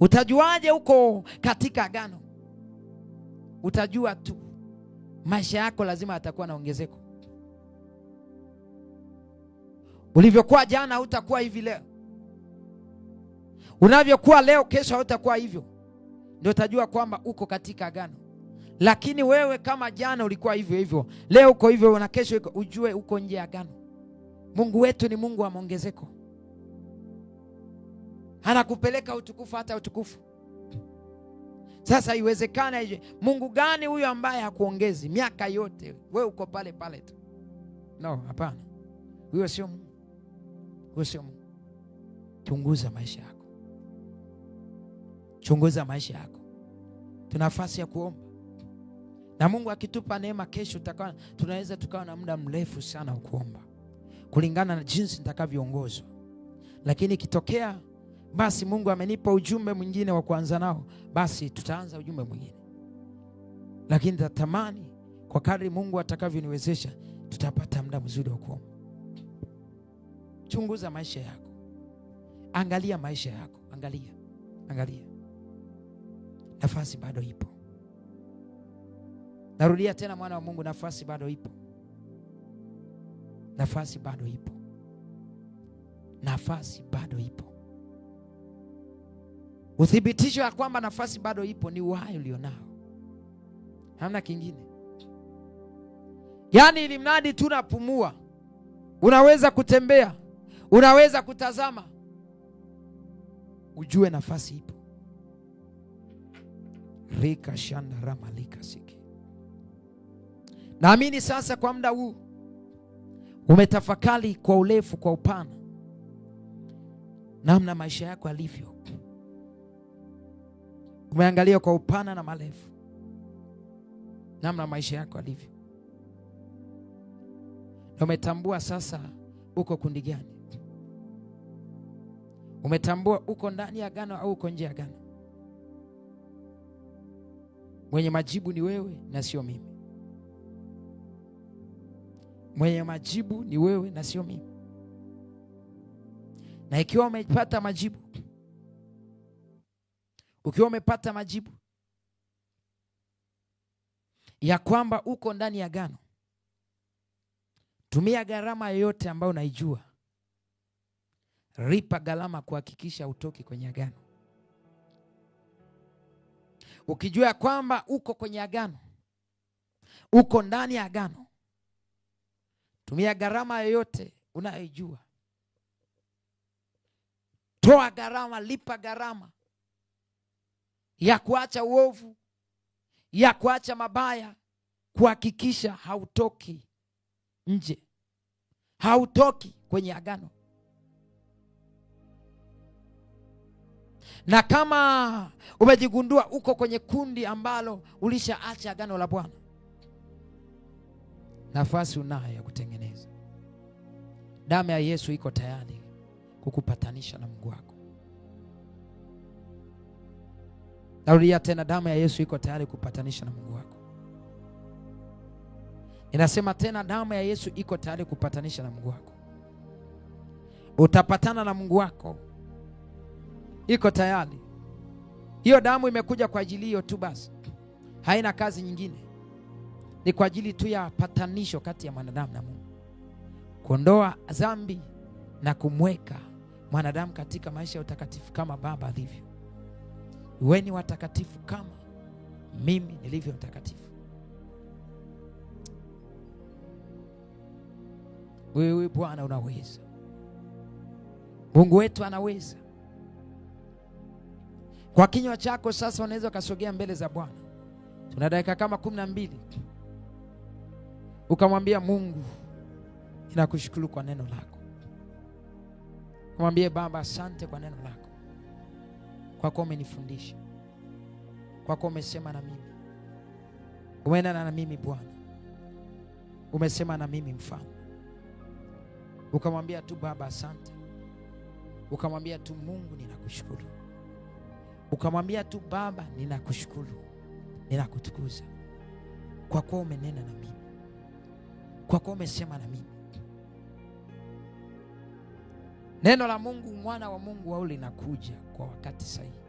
Utajuaje huko katika agano? Utajua tu, maisha yako lazima yatakuwa na ongezeko. Ulivyokuwa jana hautakuwa hivi leo, unavyokuwa leo kesho hautakuwa hivyo. Ndio utajua kwamba uko katika agano. Lakini wewe kama jana ulikuwa hivyo hivyo, leo uko hivyo na kesho ujue uko nje ya agano. Mungu wetu ni Mungu wa maongezeko anakupeleka utukufu hata utukufu. Sasa iwezekana Mungu gani huyo ambaye hakuongezi miaka yote, we uko pale pale tu? No, hapana, huyo sio Mungu, huyo sio Mungu. Chunguza maisha yako, chunguza maisha yako. Tuna nafasi ya kuomba na Mungu akitupa neema, kesho tunaweza tukawa na muda mrefu sana wa kuomba kulingana na jinsi nitakavyoongozwa, lakini ikitokea basi Mungu amenipa ujumbe mwingine wa kuanza nao, basi tutaanza ujumbe mwingine, lakini tatamani kwa kadri Mungu atakavyoniwezesha tutapata muda mzuri wa kuomba. Chunguza maisha yako, angalia maisha yako, angalia, angalia, nafasi bado ipo. Narudia tena, mwana wa Mungu, nafasi bado ipo, nafasi bado ipo, nafasi bado ipo. Uthibitisho ya kwamba nafasi bado ipo ni uhai ulionao, hamna kingine. Yaani ili mradi tu napumua unaweza kutembea, unaweza kutazama, ujue nafasi ipo. rika shanda ramalika siki. Naamini sasa kwa muda huu umetafakari kwa urefu, kwa upana, namna maisha yako yalivyo umeangalia kwa upana na marefu namna maisha yako alivyo, na umetambua sasa uko kundi gani. Umetambua uko ndani ya gano au uko nje ya gano Mwenye majibu ni wewe na sio mimi. Mwenye majibu ni wewe na sio mimi. Na ikiwa umepata majibu ukiwa umepata majibu ya kwamba uko ndani ya gano tumia gharama yoyote ambayo unaijua, ripa gharama kuhakikisha utoki kwenye agano. Ukijua ya kwamba uko kwenye agano, uko ndani ya agano, tumia gharama yoyote unayoijua, toa gharama, lipa gharama ya kuacha uovu, ya kuacha mabaya, kuhakikisha hautoki nje, hautoki kwenye agano. Na kama umejigundua uko kwenye kundi ambalo ulishaacha agano la Bwana, nafasi unayo ya kutengeneza. Damu ya Yesu iko tayari kukupatanisha na Mungu wako. Narudia tena, damu ya Yesu iko tayari kupatanisha na Mungu wako. Inasema tena, damu ya Yesu iko tayari kupatanisha na Mungu wako. Utapatana na Mungu wako, iko tayari. Hiyo damu imekuja kwa ajili hiyo tu basi, haina kazi nyingine, ni kwa ajili tu ya patanisho kati ya mwanadamu na Mungu, kuondoa dhambi na kumweka mwanadamu katika maisha ya utakatifu kama Baba alivyo. Weni watakatifu kama mimi nilivyo mtakatifu. Wewe Bwana unaweza, Mungu wetu anaweza. Kwa kinywa chako sasa unaweza ukasogea mbele za Bwana. Tuna dakika kama kumi na mbili, ukamwambia Mungu, ninakushukuru kwa neno lako. Kumwambie Baba, asante kwa neno lako. Kwako umenifundisha, kwako umesema na mimi, umenena na mimi Bwana, umesema na mimi mfano ukamwambia tu Baba asante, ukamwambia tu Mungu ninakushukuru, ukamwambia tu Baba ninakushukuru, ninakutukuza kwa kuwa umenena na mimi, kwa kuwa umesema na mimi Neno la Mungu, mwana wa Mungu au linakuja kwa wakati sahihi.